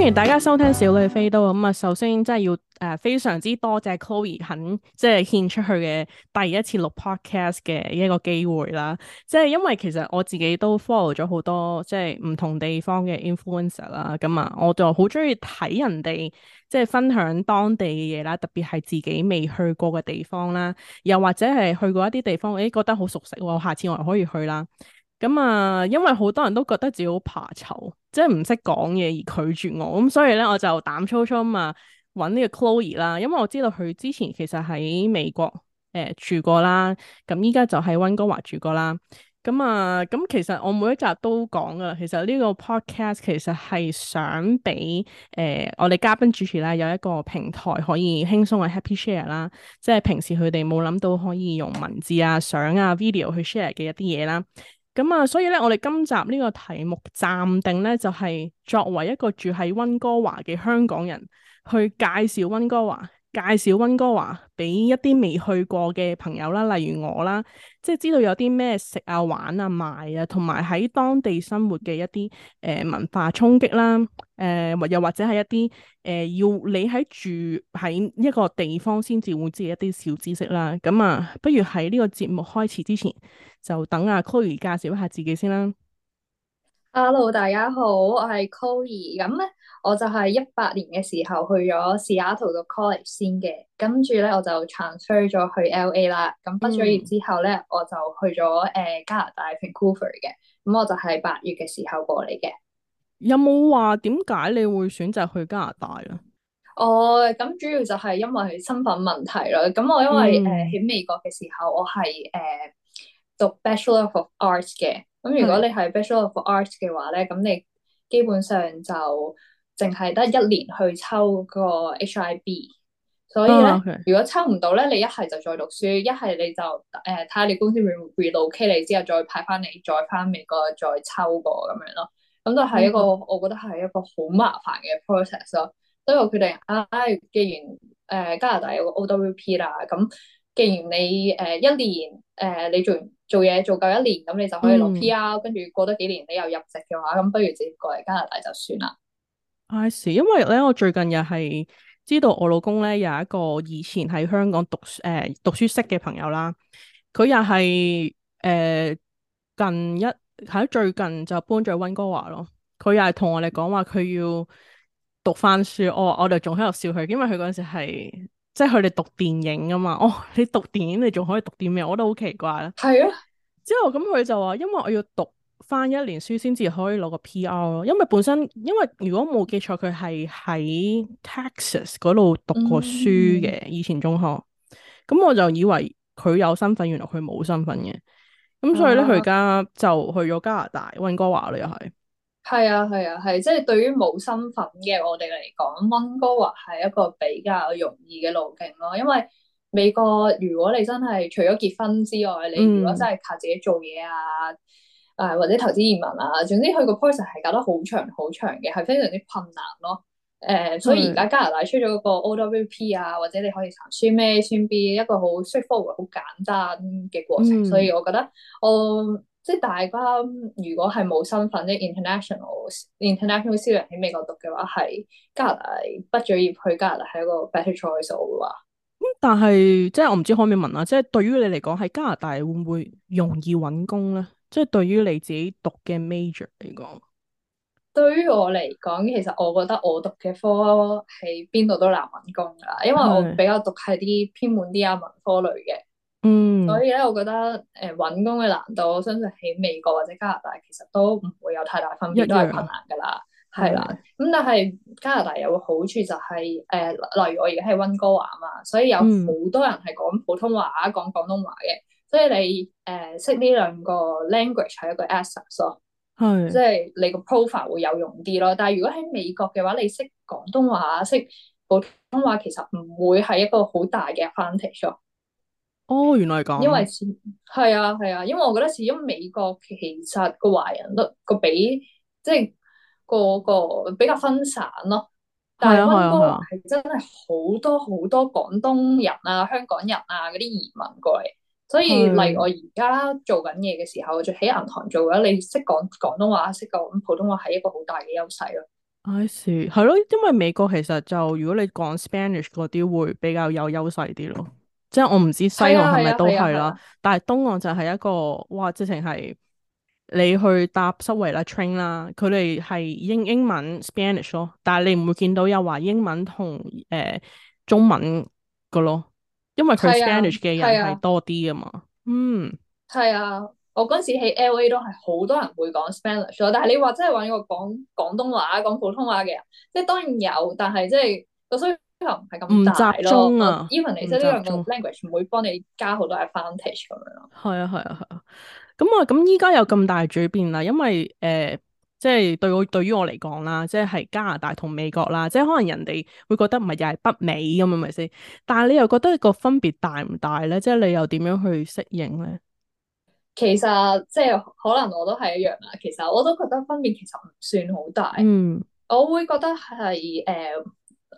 歡迎大家收聽《小李飛刀》咁啊，首先真係要誒非常之多謝 Chloe 肯即係獻出去嘅第一次錄 podcast 嘅一個機會啦。即係因為其實我自己都 follow 咗好多即係唔同地方嘅 influencer 啦，咁啊，我就好中意睇人哋即係分享當地嘅嘢啦，特別係自己未去過嘅地方啦，又或者係去過一啲地方，咦覺得好熟悉喎，下次我可以去啦。咁啊、嗯，因為好多人都覺得自己好怕醜，即係唔識講嘢而拒絕我，咁所以咧我就膽粗粗啊揾呢個 Chloe 啦，因為我知道佢之前其實喺美國誒、呃、住過啦，咁依家就喺溫哥華住過啦。咁、嗯、啊、咁、嗯嗯、其實我每一集都講噶，其實呢個 podcast 其實係想俾誒、呃、我哋嘉賓主持咧有一個平台可以輕鬆嘅 happy share 啦，即係平時佢哋冇諗到可以用文字啊、相啊、video 去 share 嘅一啲嘢啦。咁啊，所以咧，我哋今集呢個題目暫定咧，就係作為一個住喺溫哥華嘅香港人，去介紹溫哥華。介紹溫哥華俾一啲未去過嘅朋友啦，例如我啦，即係知道有啲咩食啊、玩啊、買啊，同埋喺當地生活嘅一啲誒、呃、文化衝擊啦，誒、呃、又或者係一啲誒、呃、要你喺住喺一個地方先至會知一啲小知識啦。咁啊，不如喺呢個節目開始之前就等阿、啊、Chloe 介紹一下自己先啦。Hello，大家好，我係 Chloe，咁咧我就係一八年嘅時候去咗 Seattle 讀 college 先嘅，跟住咧我就 Transfer 咗去 L.A 啦。咁畢咗業之後咧，我就去咗誒、呃、加拿大 Vancouver 嘅，咁我就係八月嘅時候過嚟嘅。有冇話點解你會選擇去加拿大咧？哦，咁主要就係因為身份問題啦。咁我因為誒喺、嗯呃、美國嘅時候，我係誒、呃、讀 Bachelor of Arts 嘅。咁、嗯、如果你係 Bachelor of Arts 嘅話咧，咁你基本上就淨係得一年去抽個 HIB，所以咧、oh, okay. 如果抽唔到咧，你一係就再讀書，一係你就誒睇下你公司會唔會 relocate 你，之後再派翻你再翻美國再抽過咁樣咯。咁都係一個、mm hmm. 我覺得係一個好麻煩嘅 process 咯。所以我決定，唉、啊啊，既然誒、呃、加拿大有個 OWP 啦，咁既然你誒、呃、一年誒、呃、你仲……做嘢做夠一年咁，你就可以攞 P.R. 跟住、嗯、過多幾年你又入籍嘅話，咁不如直接過嚟加拿大就算啦。I see，因為咧，我最近又係知道我老公咧有一個以前喺香港讀誒、呃、讀書識嘅朋友啦，佢又係誒近一喺最近就搬咗溫哥華咯。佢又係同我哋講話佢要讀翻書，哦、我我哋仲喺度笑佢，因為佢嗰陣時係。即係佢哋讀電影噶嘛？哦，你讀電影你仲可以讀啲咩？我覺得好奇怪啦。係啊，之後咁佢就話，因為我要讀翻一年書先至可以攞個 PR 咯，因為本身因為如果冇記錯佢係喺 Texas 嗰度讀過書嘅，嗯、以前中學。咁我就以為佢有身份，原來佢冇身份嘅。咁所以咧，佢而家就去咗加拿大溫哥華咯，又係。係啊係啊係、啊啊，即係對於冇身份嘅我哋嚟講，溫、嗯、哥華係一個比較容易嘅路徑咯。因為美國如果你真係除咗結婚之外，你如果真係靠自己做嘢啊，誒、呃、或者投資移民啊，總之佢個 process 係搞得好長好長嘅，係非常之困難咯。誒、呃，所以而家加拿大出咗個 OWP 啊，或者你可以行先、嗯、A 先 B，一個好 straightforward 好簡單嘅過程，嗯、所以我覺得我。即係大家如果係冇身份，即 international international scholar 喺美國讀嘅話，係加拿大畢咗業去加拿大係一個 better choice，我會話。咁但係即係我唔知可唔可以問啊？即係對於你嚟講，喺加拿大會唔會容易揾工咧？即係對於你自己讀嘅 major 嚟講，對於我嚟講，其實我覺得我讀嘅科喺邊度都難揾工噶，因為我比較讀係啲偏門啲啊文科類嘅。嗯，所以咧，我覺得誒，搵、呃、工嘅難度，我相信喺美國或者加拿大，其實都唔會有太大分別，都係困難噶啦，係啦的。咁的但係加拿大有個好處就係、是，誒、呃，例如我而家喺溫哥華啊嘛，所以有好多人係講普通話、講廣、嗯、東話嘅，所以你誒，識呢兩個 language 係一個 assets 咯的，係，即係你個 profile 會有用啲咯。但係如果喺美國嘅話，你識廣東話、識普通話，其實唔會係一個好大嘅 advantage 咯。哦，原來係咁。因為係啊，係啊，因為我覺得始終美國其實個華人都個比即係個個比較分散咯。係啊。但係溫哥華真係好多好多廣東人啊、香港人啊嗰啲移民過嚟，所以例如我而家做緊嘢嘅時候，就喺、啊、銀行做嘅。你識講廣東話、識講普通話係一個好大嘅優勢咯。I see，係咯，因為美國其實就如果你講 Spanish 嗰啲會比較有優勢啲咯。即係我唔知西岸係咪都係啦，啊啊啊啊啊、但係東岸就係一個哇，直情係你去搭周圍啦 train 啦，佢哋係英英文 Spanish 咯。但係你唔會見到有話英文同誒、呃、中文嘅咯，因為佢 Spanish 嘅人係多啲啊嘛。嗯，係啊，啊，我嗰時喺 L A 都係好多人會講 Spanish 咯，但係你話真係揾個講廣東話、講普通話嘅，人，即係當然有，但係即係我需。又唔係咁唔集中啊！Even 嚟講呢兩個 language 唔會幫你加好多嘅 advantage 咁樣咯。係啊，係啊，係啊。咁、嗯、啊，咁依家有咁大轉變啦，因為誒、呃，即係對我對於我嚟講啦，即係加拿大同美國啦，即係可能人哋會覺得唔係又係北美咁樣，咪先、嗯。但係你又覺得個分別大唔大咧？即係你又點樣去適應咧？其實即係可能我都係一樣啦。其實我都覺得分別其實唔算好大。嗯，我會覺得係誒。呃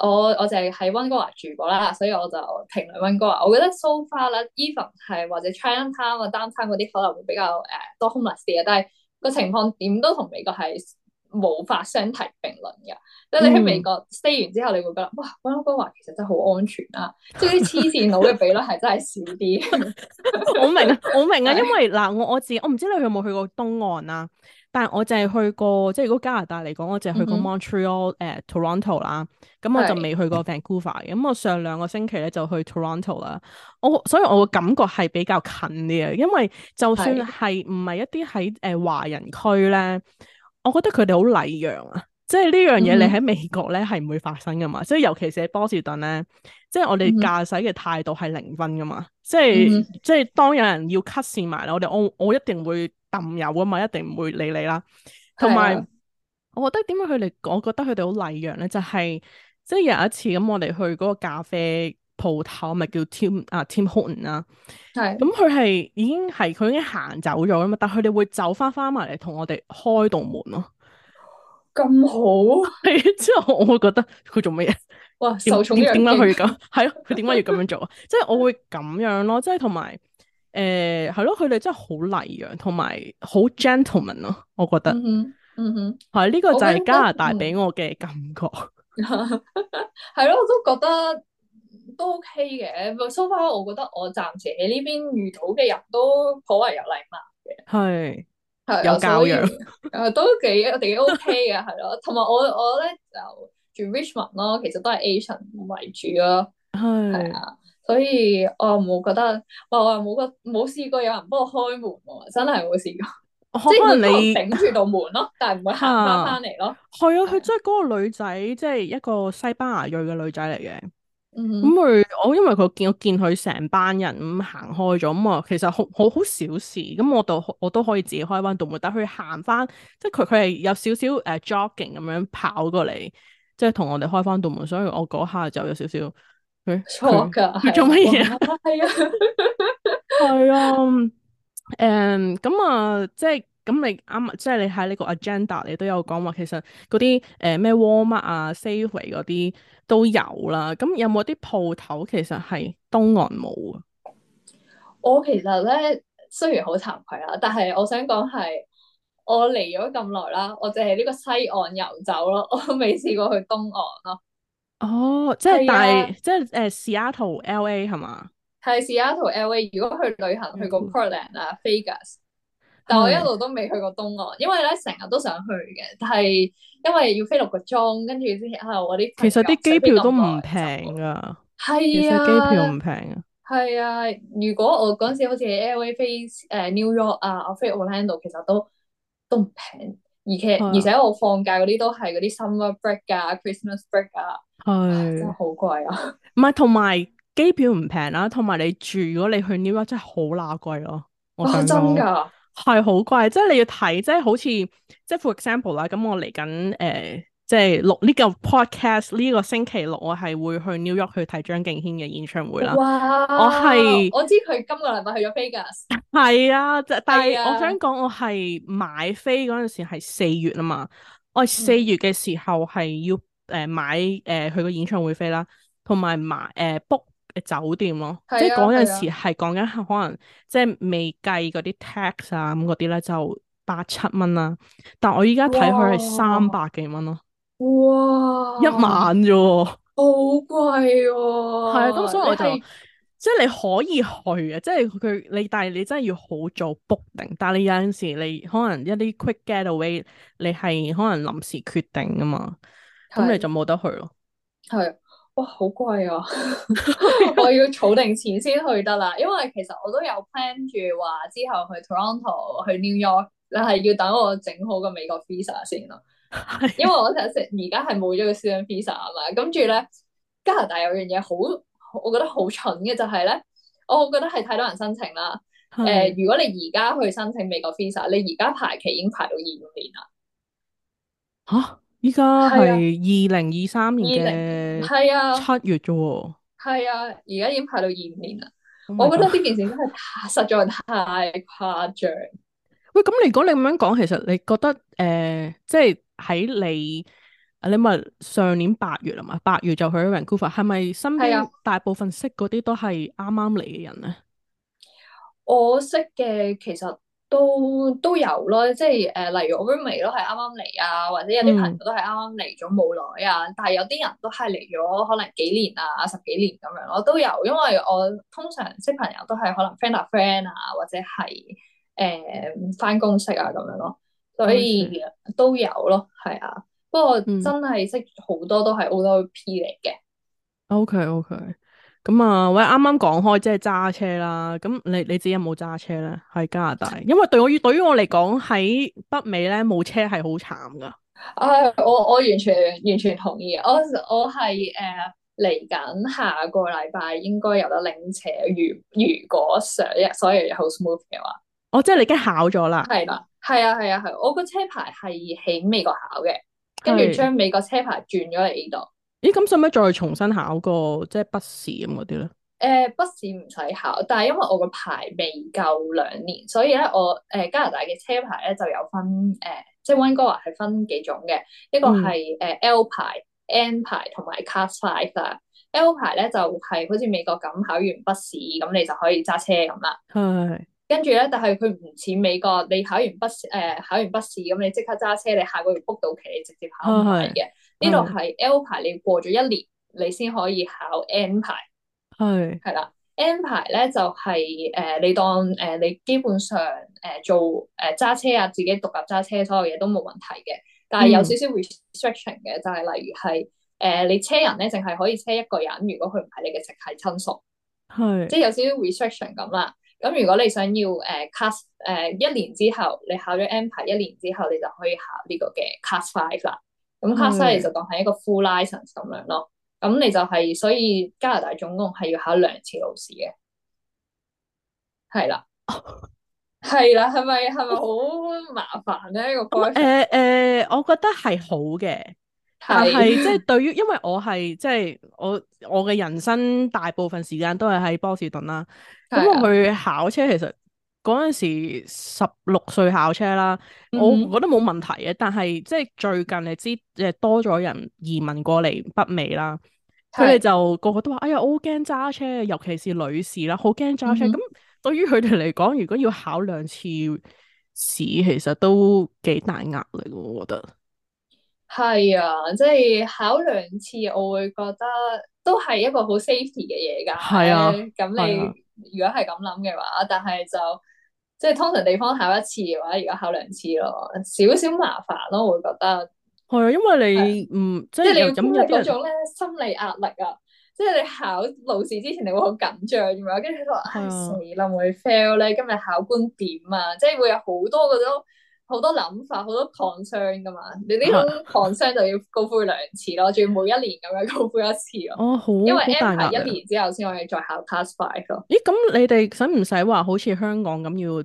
我我就係喺温哥華住過啦，所以我就評論温哥華。我覺得 so far 啦，even 係或者 China Town 啊、downtown 嗰啲可能會比較 e 多 homeless 啊，但係個情況點都同美國係無法相提並論嘅。即係你喺美國 stay 完之後，你會覺得哇，温哥華其實真係好安全啊，即係啲黐線佬嘅比率係真係少啲。我明啊，我明啊，因為嗱，我我自己，我唔知你有冇去過東岸啊。但係我淨係去過，即係如果加拿大嚟講，我淨係去過 Montreal、mm、誒、hmm. Toronto、呃、啦，咁我就未去過 Vancouver 嘅、 嗯。咁我上兩個星期咧就去 Toronto 啦。我所以我嘅感覺係比較近啲啊，因為就算係唔係一啲喺誒華人區咧，mm hmm. 我覺得佢哋好禮讓啊，即係呢樣嘢你喺美國咧係唔會發生噶嘛。所以、mm hmm. 尤其是喺波士頓咧，即係我哋駕駛嘅態度係零分噶嘛。Mm hmm. 即係即係當有人要 cut 線埋啦，我哋我我，我一定會。抌油啊嘛，一定唔會理你啦。同埋、啊，我覺得點解佢哋，我覺得佢哋好禮讓咧，就係即係有一次咁，我哋去嗰個咖啡鋪頭，咪叫 Tim 啊 Tim Horton 啦。係咁，佢係已經係佢已經行走咗啊嘛，但係佢哋會走翻翻埋嚟同我哋開道門咯。咁好係之後， 嗯、 我會覺得佢做乜嘢？哇，受寵若驚佢咁係咯，佢點解要咁樣做啊？即係 我會咁樣咯，即係同埋。誒，係咯，佢哋真係好禮讓，同埋好 gentleman 咯，我覺得，嗯哼，嗯係呢、嗯、個就係加拿大俾我嘅感覺，係咯， 我都覺得都 OK 嘅。so far，我覺得我暫時喺呢邊遇到嘅人都頗為有禮貌嘅，係係是是有教養以，誒、 呃，都幾幾 OK 嘅，係咯。同埋我我咧就住 Richmond 咯，其實都係 Asian 為主咯，係係啊。 所以我冇覺得，我又冇個冇試過有人幫我開門喎、啊，真係冇試過。即係可能你頂 住道門咯，但係唔會行翻嚟咯。係啊，佢真係嗰個女仔，即、就、係、是、一個西班牙裔嘅女仔嚟嘅。咁佢我因為佢見我見佢成班人咁行、嗯、開咗，咁啊，其實好好好小事，咁、嗯、我都我都可以自己開翻道門，但係佢行翻，即係佢佢係有少少誒、uh, jogging 咁樣跑過嚟，即係同我哋開翻道門，所以我嗰下就有少少。錯噶，欸、錯的做乜嘢哇 啊？係啊，係啊、嗯，誒、嗯，咁啊、嗯，即係咁，你啱，即係你睇呢個 agenda，你都有講話，其實嗰啲誒咩 Walmart 啊，Safeway 嗰啲都有啦。咁有冇啲鋪頭其實係東岸冇啊？我其實咧雖然好慚愧啊，但係我想講係我嚟咗咁耐啦，我淨係呢個西岸遊走咯，我都未試過去東岸咯。哦，即係大，即係誒 Seattle、LA 係嘛？係 Seattle、LA。如果去旅行去過 Portland 啊、Fergus，但係我一路都未去過東岸，因為咧成日都想去嘅，但係因為要飛六個鐘，跟住之後我啲其實啲機票都唔平㗎，係啊，機票唔平啊。係啊，如果我嗰陣時好似喺 LA 飛誒 New York 啊，我飛 Orlando 其實都唔平。而且而且我放假嗰啲都係嗰啲 summer break 㗎，Christmas break 啊，真係好貴啊！唔係，同埋機票唔平啦，同埋你住如果你去 New York 真係好乸貴咯，我、哦、真係真噶係好貴，即係你要睇，即係好似即係 for example 啦，咁我嚟緊誒。呃即係錄呢個 podcast 呢個星期六，我係會去 New York 去睇張敬軒嘅演唱會啦。哇！我係是我知佢今個禮拜去咗 Vegas 係啊，但係、啊、我想講，我係買飛嗰陣時係四月啊嘛。我係四月嘅時候係要誒買誒、嗯呃、去個演唱會飛啦，同埋買誒 book、呃、酒店咯。即係嗰陣時係講緊可能即係未計嗰啲 tax 啊咁嗰啲咧，就八七蚊啦。但係我依家睇佢係三百幾蚊咯。哇！一晚啫，好貴喎。係啊，咁所以我就是即係你可以去啊，即係佢你，但係你真係要好早 book 定。但係你有陣時你可能一啲 quick getaway，你係可能臨時決定㗎嘛，咁是你就冇得去咯。係哇，好貴啊！ 我要儲定錢先去得啦， 因為其實我都有 plan 住話之後去 Toronto、去 New York，你係要等我整好個美國 visa 先咯。 因為我成而家係冇咗個 student visa 啊嘛，跟住咧加拿大有樣嘢好，我覺得好蠢嘅就係咧，我覺得係太多人申請啦。誒，如果你而家去申請美國 visa，你而家排期已經排到二五年啦。吓， 依家係二零二三年嘅，係啊，七月啫。係啊，而家已經排到二五年啦。我覺得呢件事真係太，實在太誇張。喂，咁如果你咁樣講，其實你覺得誒，即係。喺你，你咪上年八月啊嘛，八月就去咗 Vancouver，係咪身邊大部分識嗰啲都係啱啱嚟嘅人咧？我識嘅其實都都有咯，即係誒、呃，例如我 roommate 都係啱啱嚟啊，或者有啲朋友都係啱啱嚟咗冇耐啊，嗯、但係有啲人都係嚟咗可能幾年啊、十幾年咁樣咯，都有。因為我通常識朋友都係可能 friend 啊、friend 啊，或者係誒翻工識啊咁樣咯。所以都有咯，係啊。不過真係識好多都係 OOP 嚟嘅。OK OK。咁啊，我啱啱講開即係揸車啦。咁你你自己有冇揸車咧？喺加拿大，因為對我對於我嚟講喺北美咧冇車係好慘噶。唉、啊，我我完全完全同意。我我係誒嚟緊下個禮拜應該有得領車。如如果上一所有嘢好 smooth 嘅話，哦，即係你已經考咗啦。係啦。係啊係啊係、啊，我個車牌係喺美國考嘅，跟住將美國車牌轉咗嚟呢度。咦，咁使唔使再重新考過即係筆試咁嗰啲咧？誒、呃，筆試唔使考，但係因為我個牌未夠兩年，所以咧我誒、呃、加拿大嘅車牌咧就有分誒、呃，即係溫哥華係分幾種嘅，一個係誒、嗯呃、L 牌、N 牌同埋 Class Five 啦。L 牌咧就係好似美國咁考完筆試咁，你就可以揸車咁啦。係、啊。跟住咧，但係佢唔似美國，你考完筆誒考完筆試咁，你即刻揸車，你下個月 book 到期，你直接考唔係嘅。呢度係 L 牌，你過咗一年，你先可以考 N 牌。係係啦，N 牌咧就係誒，你當誒你基本上誒做誒揸車啊，自己獨立揸車所有嘢都冇問題嘅。但係有少少 restriction 嘅，就係例如係誒你車人咧，淨係可以車一個人，如果佢唔係你嘅直系親屬，係即係有少少 restriction 咁啦。咁如果你想要誒 class、呃、誒一年之後，你考咗 M 牌一年之後，你就可以考呢個嘅 class five 啦。咁 class five 就當係一個 full license 咁樣咯。咁你就係、是、所以加拿大總共係要考兩次考試嘅，係啦，係 啦，係咪係咪好麻煩咧？ 個 process 誒誒我覺得係好嘅。但係即係對於，因為我係即係我我嘅人生大部分時間都係喺波士頓啦。咁的我去考車，其實嗰陣時十六歲考車啦，嗯、我覺得冇問題嘅。但係即係最近你知誒多咗人移民過嚟北美啦，佢哋的就個個都話：哎呀，好驚揸車，尤其是女士啦，好驚揸車。咁、嗯、對於佢哋嚟講，如果要考兩次試，其實都幾大壓力，我覺得。係啊，即係考兩次，我會覺得都係一個好 safety 嘅嘢噶。係啊，咁、嗯、你如果係咁諗嘅話，啊、但係就即係通常地方考一次嘅話，如果考兩次咯，少少麻煩咯，我會覺得。係啊，因為你唔、啊嗯、即係你要估嗰種咧心理壓力啊，啊即係你考路試之前你會好緊張咁樣，跟住佢話唉，死啦，會 fail 咧，今日考官點啊，即係會有好多嗰種。好多諗法，好多 concern 噶嘛。你呢種 concern 就要高呼兩次咯，仲要每一年咁樣高呼一次咯。哦，好，因為一年之後先可以再考 Class Five 咯。咦？咁你哋使唔使話好似香港咁要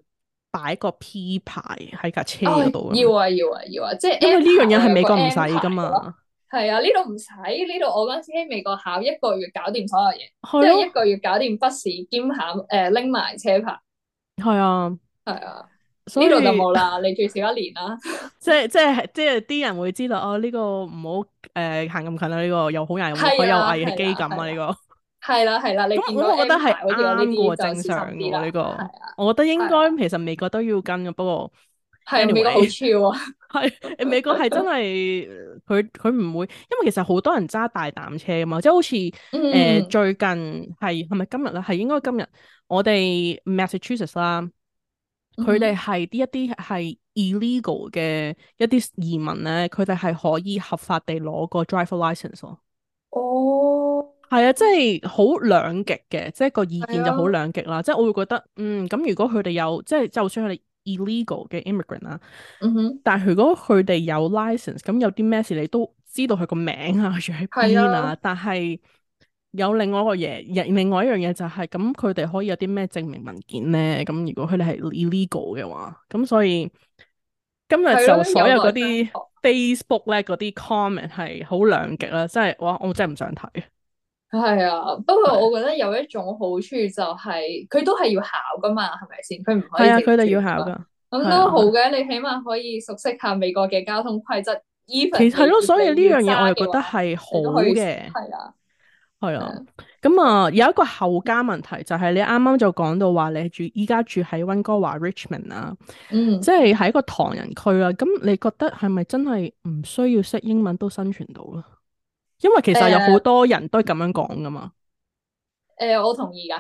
擺個 P 牌喺架車度？要啊，要啊，要啊！即係因為呢樣嘢係美國唔使噶嘛。係啊，呢度唔使。呢度我嗰陣時喺美國考一個月搞掂所有嘢，即係一個月搞掂筆試兼考誒拎埋車牌。係啊，係啊。呢輪就冇啦，你最少一年啦。即係即係即係啲人會知道哦，呢個唔好誒行咁近啊，呢個又好嘢，有好有危險基因啊，呢個係啦係啦。咁我覺得係啱嘅，正常嘅呢個。我覺得應該其實美國都要跟嘅，不過係美國好處啊。係美國係真係佢佢唔會，因為其實好多人揸大膽車啊嘛，即係好似誒最近係係咪今日咧？係應該今日我哋 Massachusetts 啦。佢哋係啲一啲係 illegal 嘅一啲移民咧，佢哋係可以合法地攞個 driver license 咯。哦、oh.，係啊，即係好兩極嘅，即、就、係、是、個意見就好兩極啦。即係、啊、我會覺得，嗯，咁如果佢哋有，即係就算佢哋 illegal 嘅 immigrant 啦，uh huh. 但係如果佢哋有 license，咁有啲咩事你都知道佢個名啊，住喺邊啊，但係。有另外一個嘢，另外一樣嘢就係、是、咁，佢哋可以有啲咩證明文件咧？咁如果佢哋係 illegal 嘅話，咁所以今日就所有嗰啲 Facebook 咧，嗰啲 comment 係好兩極啦，真係哇！我真係唔想睇。係啊，不過我覺得有一種好處就係、是、佢都係要考㗎嘛，係咪先？佢唔係佢哋要考㗎。咁都、嗯、好嘅，啊、你起碼可以熟悉下美國嘅交通規則。even 係咯，所以呢樣嘢我又覺得係好嘅。係啊。係啊，咁啊有一個後加問題就係、是、你啱啱就講到話你住依家住喺溫哥華 Richmond 啊，嗯，即係喺一個唐人區啊。咁你覺得係咪真係唔需要識英文都生存到咧？因為其實有好多人都係咁樣講噶嘛。誒、呃，我同意噶，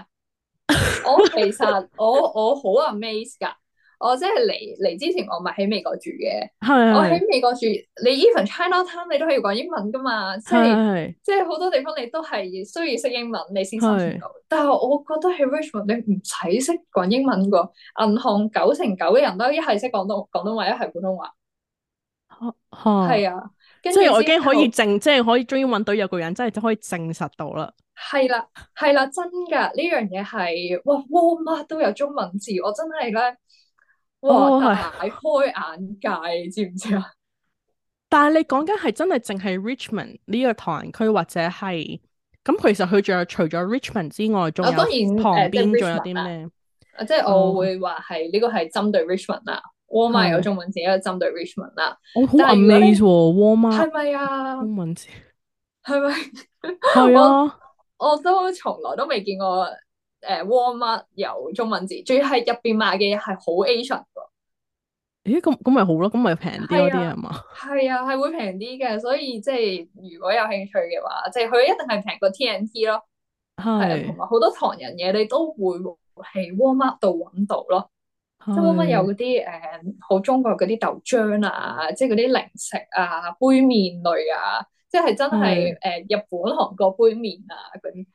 我其實 我我好 amazed 噶。我即係嚟，嚟之前，我咪喺美國住嘅。係我喺美國住，你 even Chinatown 你都可以講英文噶嘛。即係即係好多地方你都係需要識英文你先生存到。但係我覺得喺 Richmond 你唔使識講英文噶，銀行九成九嘅人都一係識廣東廣東話，一係普通話。吓，係啊，即係我已經可以證，即係可以終於搵到有個人真係可以證實到啦。係啦，係啦，真噶，呢樣嘢係哇，我乜都有中文字，我真係咧。哇！大 開眼界，知唔知啊？但係你講緊係真係淨係 Richmond 呢個唐人區，或者係咁，其實佢仲有除咗 Richmond 之外，仲有然旁邊仲、呃就是、有啲咩？啊，即係我會話係呢個係針對 Richmond 啦 Rich 對。Walmart 啊，有中、啊、文字一個針對 Richmond 啦。我好 amazed Walmart 係咪啊？中文字係咪？係啊！我都從來都未見過。誒 Walmart 有中文字，仲要係入邊賣嘅嘢係好 Asian 㗎。咦？咁咁咪好咯，咁咪平啲嗰啲係嘛？係啊，係會平啲嘅，所以即係如果有興趣嘅話，即係佢一定係平過 TNT 咯。係是，同埋好多唐人嘢你都會喺 Walmart 度揾到咯。是即係 Walmart 有嗰啲誒好中國嗰啲豆漿啊，即係嗰啲零食啊，杯麵類啊，即係真係誒是、嗯、日本、韓國杯麵啊嗰啲，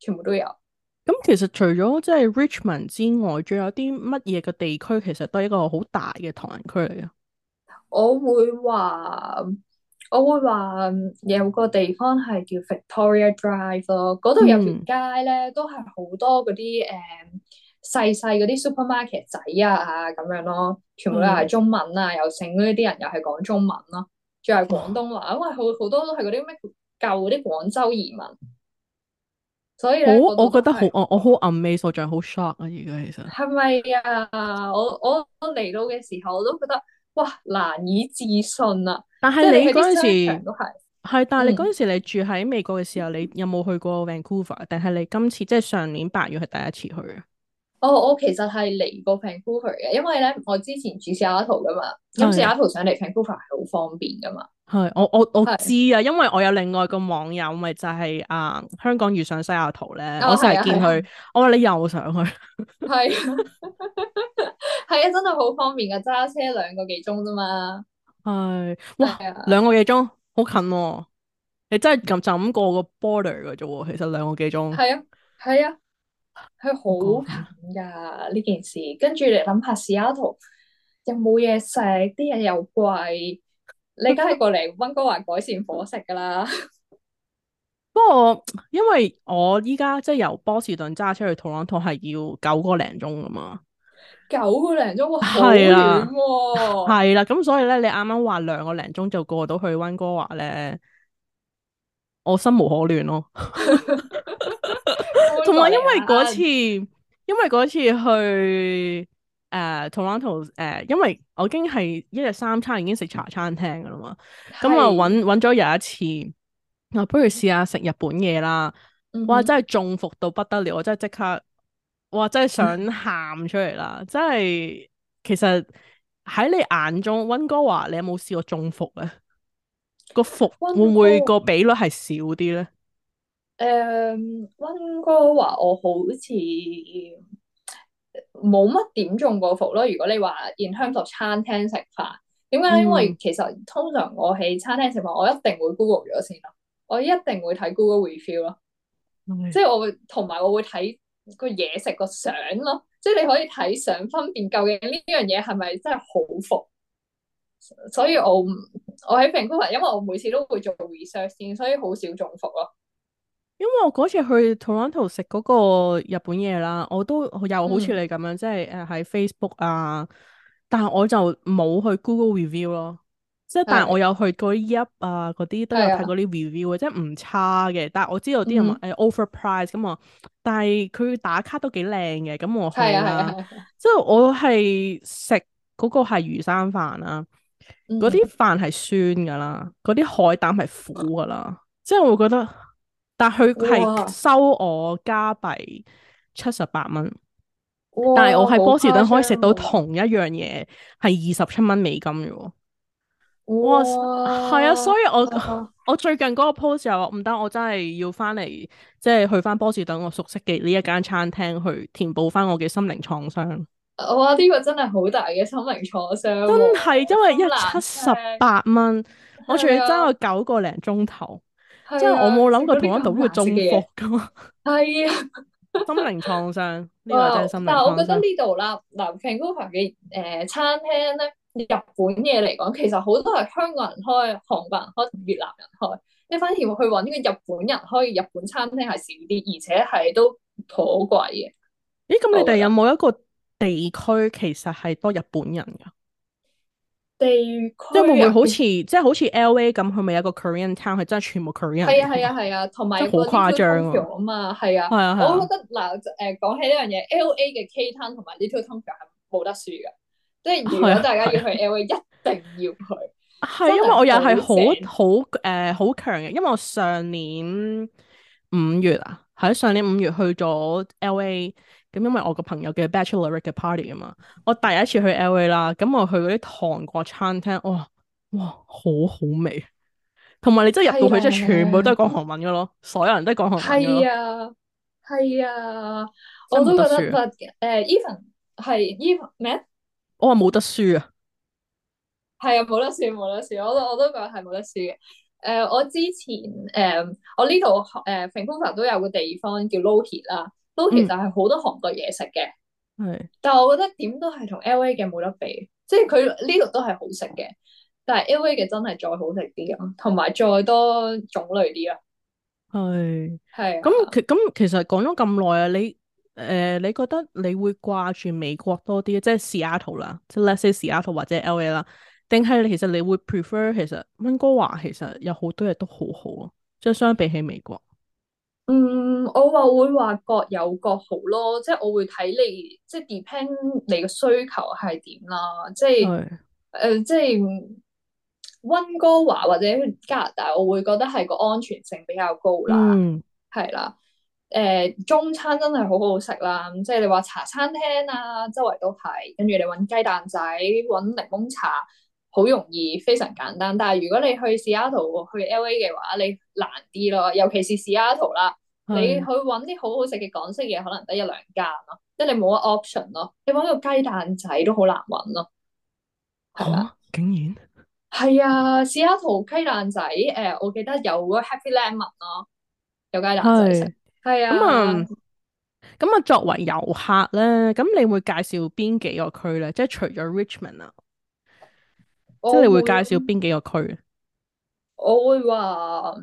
全部都有。咁其實除咗即係 Richmond 之外，仲有啲乜嘢嘅地區其實都係一個好大嘅唐人區嚟嘅？我會話，我會話有個地方係叫 Victoria Drive 咯，嗰度有條街咧都係好多嗰啲誒細細嗰啲 supermarket 仔啊咁樣咯，全部都係中文啊，又剩呢啲人又係講中文咯、啊，仲係廣東話，嗯、因為好好多都係嗰啲咩舊嗰啲廣州移民。所以咧，我、oh, 我覺得好，我我好 amazed 好 shock 啊！而家其實係咪啊？我我嚟到嘅時候，我都覺得哇，難以置信啊！但係你嗰陣時都係係，但係你嗰陣時你住喺美國嘅時候，嗯、你有冇去過 Vancouver？定係你今次即係上年八月係第一次去啊？我、oh, 我其實係嚟過 Vancouver 嘅，因為咧我之前住西雅圖噶嘛，咁西雅圖上嚟 Vancouver 係好方便噶嘛。係，我我我知啊，因為我有另外一個網友，咪就係、是、啊香港遇上西雅圖咧，啊、我成日見佢，啊啊、我話你又上去，係啊，係 啊，真係好方便噶，揸車兩個幾鐘啫嘛，係、啊、哇，兩、啊、個幾鐘，好近喎、啊，你真係咁就咁過個 border 噶啫，其實兩個幾鐘，係啊，係啊，係好、啊、近噶呢我說、啊、件事，跟住你諗下有有西雅圖又冇嘢食，啲嘢又貴。有你梗係過嚟溫哥華改善伙食噶啦。不過，因為我依家即係由波士頓揸車去桃桃多倫多係要九個零鐘噶嘛。九個零鐘喎，係啦，係啦，啊，咁所以咧，你啱啱話兩個零鐘就過到去溫哥華咧，我心無可戀咯。同 埋因為嗰次，因為嗰次去。誒、uh,，Toronto，誒、uh,，因為我已經係一日三餐已經食茶餐廳噶啦嘛，咁、嗯、我搵搵咗有一次，啊，不如試下食日本嘢啦，嗯、哼哇，真係中伏到不得了，我真係即刻，哇，真係想喊出嚟啦，嗯、真係，其實喺你眼中，溫哥華你有冇試過中伏啊？個伏哥會唔會個比率係少啲咧？誒、嗯，溫哥華我好似。冇乜點中過伏咯。如果你話入香到餐廳食飯，點解？因為其實通常我喺餐廳食飯，我一定會 Google 咗先咯，我一定會睇 Google review 咯。Mm. 即係我會同埋我會睇個嘢食個相咯。即係你可以睇相分辨究竟呢樣嘢係咪真係好伏。所以我我喺評估，因為我每次都會做 research 先，所以好少中伏咯。因為我嗰次去 Toronto 食嗰個日本嘢啦，我都又好似你咁樣，嗯、即係誒喺 Facebook 啊，但係我就冇去 Google review 咯，即係但係我有去嗰啲 app 啊，嗰啲都有睇嗰啲 review 嘅、啊，即係唔差嘅。但係我知道啲人話誒 overpriced 咁啊，嗯哎、Price, 但係佢打卡都幾靚嘅，咁我去啦。即係我係食嗰個係魚生飯啊，嗰啲飯係酸噶啦，嗰啲海膽係苦噶啦，即係我覺得。但佢係收我加幣七十八蚊，哇但係我喺波士頓可以食到同一樣嘢係二十七蚊美金嘅。哇，係哇啊，所以我 我最近嗰個 post 又唔得，我真係要翻嚟，即係去翻波士頓我熟悉嘅呢一間餐廳去填補翻我嘅心靈創傷。哇，呢個真係好大嘅心靈創傷，真係，因為一七十八蚊，我仲要爭咗九個零鐘頭。即係我冇諗過同一度會中伏㗎嘛，係啊， 心靈創傷呢個真係心、嗯、但係我覺得呢度啦，南慶嗰排嘅誒餐廳咧，日本嘢嚟講，其實好多係香港人開、韓國人開、越南人開，你反而去揾呢個日本人開日本餐廳係少啲，而且係都頗貴嘅。咦？咁你哋有冇一個地區其實係多日本人㗎？地、啊、即係會唔會好似即係好似 LA 咁？佢咪有個 Korean town 係真係全部 Korean？係啊係啊係啊，同埋好誇張啊嘛，係啊係啊！啊我覺得嗱誒、呃、講起呢樣嘢，LA 嘅 K town 同埋 Little Tokyo 係冇得輸嘅。即係如果大家要去 LA，一定要去。係 因為我又係好好誒好強嘅，因為我上年五月啊，喺上年五月去咗 LA。咁因為我個朋友嘅 bachelor 嘅 party 啊嘛，我第一次去 LA 啦，咁我去嗰啲韓國餐廳，哇哇好好味，同埋你真係入到去，即係的全部都係講韓文嘅咯，所有人都係講韓文嘅係啊，係啊，我都覺得得 e v a n 係 e v a n 咩？我話冇得輸啊！係啊，冇得輸，冇得輸，我都我都覺得係冇得輸嘅。誒，我之前誒、呃，我呢度誒 f r a 都有個地方叫 l o k i t 啦。都其實係好多韓國嘢食嘅，係、嗯，但係我覺得點都係同 L.A. 嘅冇得比，的即係佢呢度都係好食嘅，但係 L.A. 嘅真係再好食啲咯，同埋再多種類啲啊。係係的，咁其咁其實講咗咁耐啊，你誒、呃、你覺得你會掛住美國多啲？即係 Seattle 啦，即係 let’s say Seattle 或者 L.A. 啦，定係其實你會 prefer 其實温哥華其實有好多嘢都好好啊，即係相比起美國。嗯，我話會話各有各好咯，即係我會睇你，即係 depend 你嘅需求係點啦，即係誒是、呃，即係溫哥華或者加拿大，我會覺得係個安全性比較高、嗯、啦，係啦，誒，中餐真係好好食啦，即係你話茶餐廳啊，周圍都係，跟住你搵雞蛋仔，搵檸檬茶。好容易，非常簡單。但係如果你去 Seattle 去 LA 嘅話，你難啲咯。尤其是 Seattle 啦，你去揾啲好好食嘅港式嘢，可能得一兩間咯，即係你冇乜 option 咯。你揾個雞蛋仔都好難揾咯。係啊，啊，竟然係啊 Seattle 雞蛋仔，誒、呃，我記得有個 Happy Lemon 咯，有雞蛋仔食。係是啊，咁那啊，咁啊，作為遊客咧，咁你會介紹邊幾個區咧？即係除咗 Richmond 啊。即係你會介紹邊幾個區？我會話誒、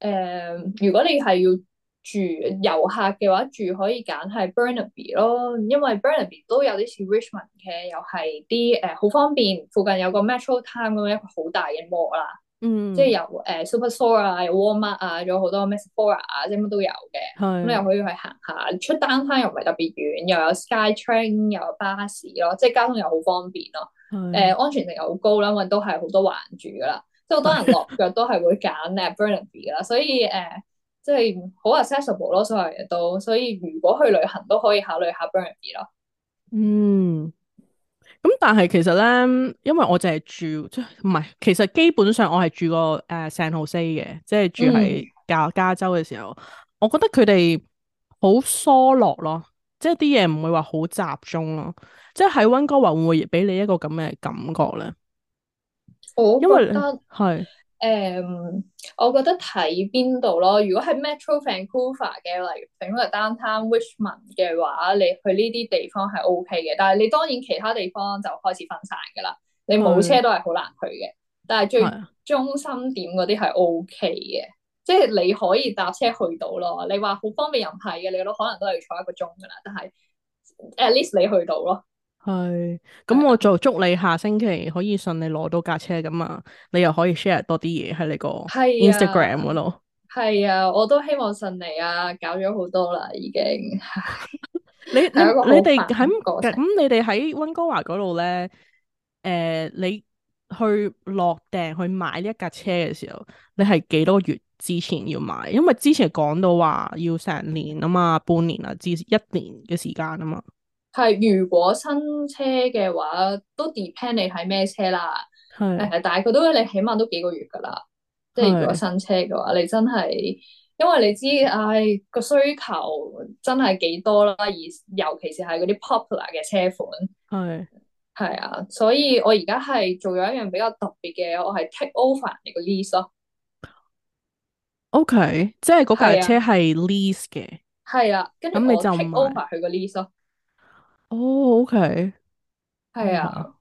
呃，如果你係要住遊客嘅話，住可以揀係 Burnaby 咯，因為 Burnaby 都有啲似 Richmond 嘅，又係啲誒好方便，附近有個 Metro Town 咁樣一個好大嘅 mall 啦。嗯，即係又誒、呃、Superstore 啊，又 Walmart 啊，仲有好多 Massport 啊，即係乜都有嘅。咁是、嗯，你又可以去行下，出單車又唔係特別遠，又有 SkyTrain，又有巴士咯，即係交通又好方便咯。誒是、呃，安全性又好高啦，因為都係好多華人住噶啦，即係好多人落腳都係會揀誒 Burnaby 啦， 所以誒、呃，即係好 accessible 咯，所有嘢都。所以如果去旅行都可以考慮下 Burnaby 咯。嗯。咁但係其實咧，因為我淨係住即係唔係，其實基本上我係住個誒 San Jose 嘅，即係住喺加加州嘅時候，嗯、我覺得佢哋好疏落咯，即係啲嘢唔會話好集中咯，即係喺温哥華會唔會俾你一個咁嘅感覺咧？我因為係。誒，um, 我覺得睇邊度咯。如果係 Metro Vancouver 嘅，例如 Downtown Richmond 嘅話，你去呢啲地方係 OK 嘅。但係你當然其他地方就開始分散㗎啦。你冇車都係好難去嘅。嗯、但係最中心點嗰啲係 OK 嘅，的即係你可以搭車去到咯。你話好方便又唔係嘅，你都可能都係坐一個鐘㗎啦。但係 at least 你去到咯。係，咁我就祝你下星期可以順利攞到架車咁嘛。你又可以 share 多啲嘢喺你個 Instagram 嗰度、啊。係啊，我都希望順利啊！搞咗好多啦，已經。 你你哋喺咁，你哋喺溫哥華嗰度咧？誒、呃，你去落訂去買呢一架車嘅時候，你係幾多月之前要買？因為之前講到話要成年啊嘛，半年啊至一年嘅時間啊嘛。係如果新車嘅話，都 depend 你睇咩車啦。係是，但係佢都你起碼都幾個月噶啦。是即係如果新車嘅話，你真係，因為你知，唉、哎、個需求真係幾多啦，而尤其是係嗰啲 popular 嘅車款。係是，係啊，所以我而家係做咗一樣比較特別嘅，我係 take over 你個 lease、哦、okay, 個 lease 咯。OK，即係嗰架車係 lease 嘅。係啊，跟住、啊、我 take over 佢個 lease 咯。哦、oh,，OK，係、uh huh. 啊，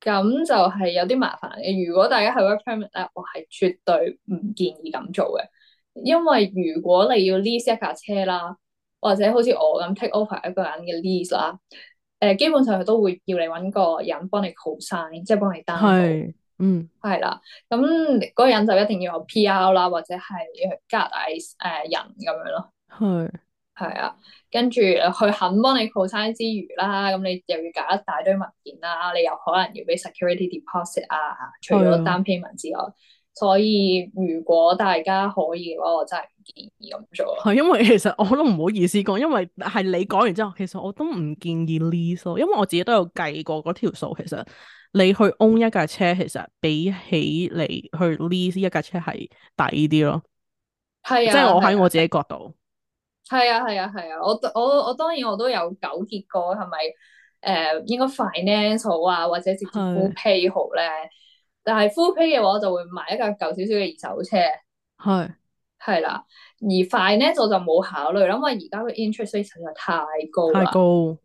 咁就係有啲麻煩嘅。如果大家係 work permit 咧，我係絕對唔建議咁做嘅，因為如果你要 lease 一架車啦，或者好似我咁 take over 一個人嘅 lease 啦，誒、呃，基本上佢都會要你搵個人幫你 co-sign 晒，即係幫你擔保。係，嗯，係啦、啊，咁嗰個人就一定要有 P.R. 啦，或者係要加拿大誒人咁樣咯。係。係啊，跟住佢肯幫你 c o u t 之餘啦，咁你又要搞一大堆文件啦，你又可能要俾 security deposit 啊，除咗 d 篇文之外，是啊、所以如果大家可以嘅話，我真係唔建議咁做。係、啊、因為其實我都唔好意思講，因為係你講完之後，其實我都唔建議 lease 咯，因為我自己都有計過嗰條數，其實你去 own 一架車，其實比起你去 lease 一架車係抵啲咯，係、啊，即係我喺我自己角度。係啊，係啊，係啊，我我我當然我都有糾結過係咪誒應該 finance 好啊，或者直接 full pay 好咧？是但係 full pay 嘅話，我就會買一架舊少少嘅二手車。係係啦，而 finance 我就冇考慮啦，因為而家嘅 interest rate 實在太高啦。太高。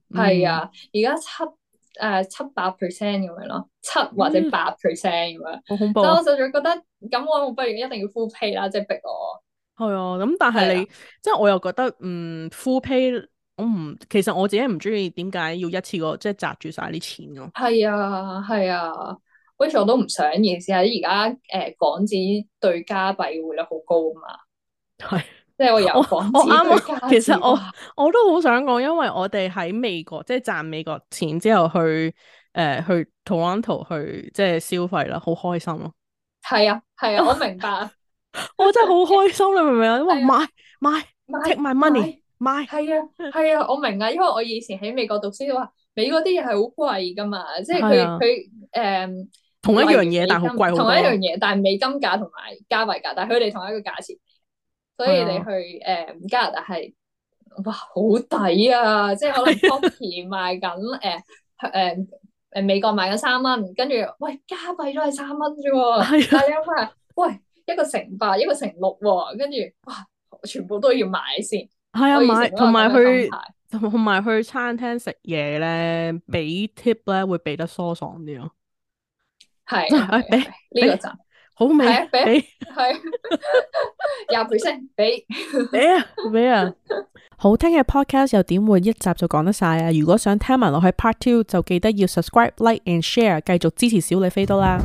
係、嗯、啊，而家七誒、呃、七百 percent 咁樣咯，七或者八 percent 咁、嗯、樣、嗯。好恐怖。但係我實在覺得咁，我不如一定要 full pay 啦，即係逼我。係啊，咁但係你、啊、即係我又覺得嗯 full pay，我唔其實我自己唔中意，點解要一次過，即係揸住晒啲錢咯。係啊係啊，w i h 好似我都唔想件事啊！而家誒港紙對加幣匯率好高啊嘛。係、啊，即係我有我啱、啊、其實我我都好想講，因為我哋喺美國即係賺美國錢之後去誒、呃、去 Toronto 去即係消費啦，好開心咯、啊。係啊係啊，我明白。 我真係好開心，你明唔明啊？因為買買 take my money，買係啊係啊，我明啊，因為我以前喺美國讀書，話美國啲嘢係好貴噶嘛，即係佢佢誒，同一樣嘢但係好貴，同一樣嘢但係美金價同埋加幣價，但係佢哋同一個價錢，所以你去誒加拿大係哇好抵啊，即係可能當時賣緊誒誒誒美國賣緊三蚊，跟住喂加幣都係三蚊啫喎，係啊喂。一個成八，一個成六喎，跟住哇，全部都要買先。係啊，買同埋去同埋去餐廳食嘢咧，俾 tip 咧會俾得疏爽啲咯。係俾呢個集好味，俾係廿 percent 俾俾啊俾啊！好聽嘅 podcast 又點會一集就講得晒啊？如果想聽埋落去 part two，就記得要 subscribe、like and share，繼續支持小李飛刀啦。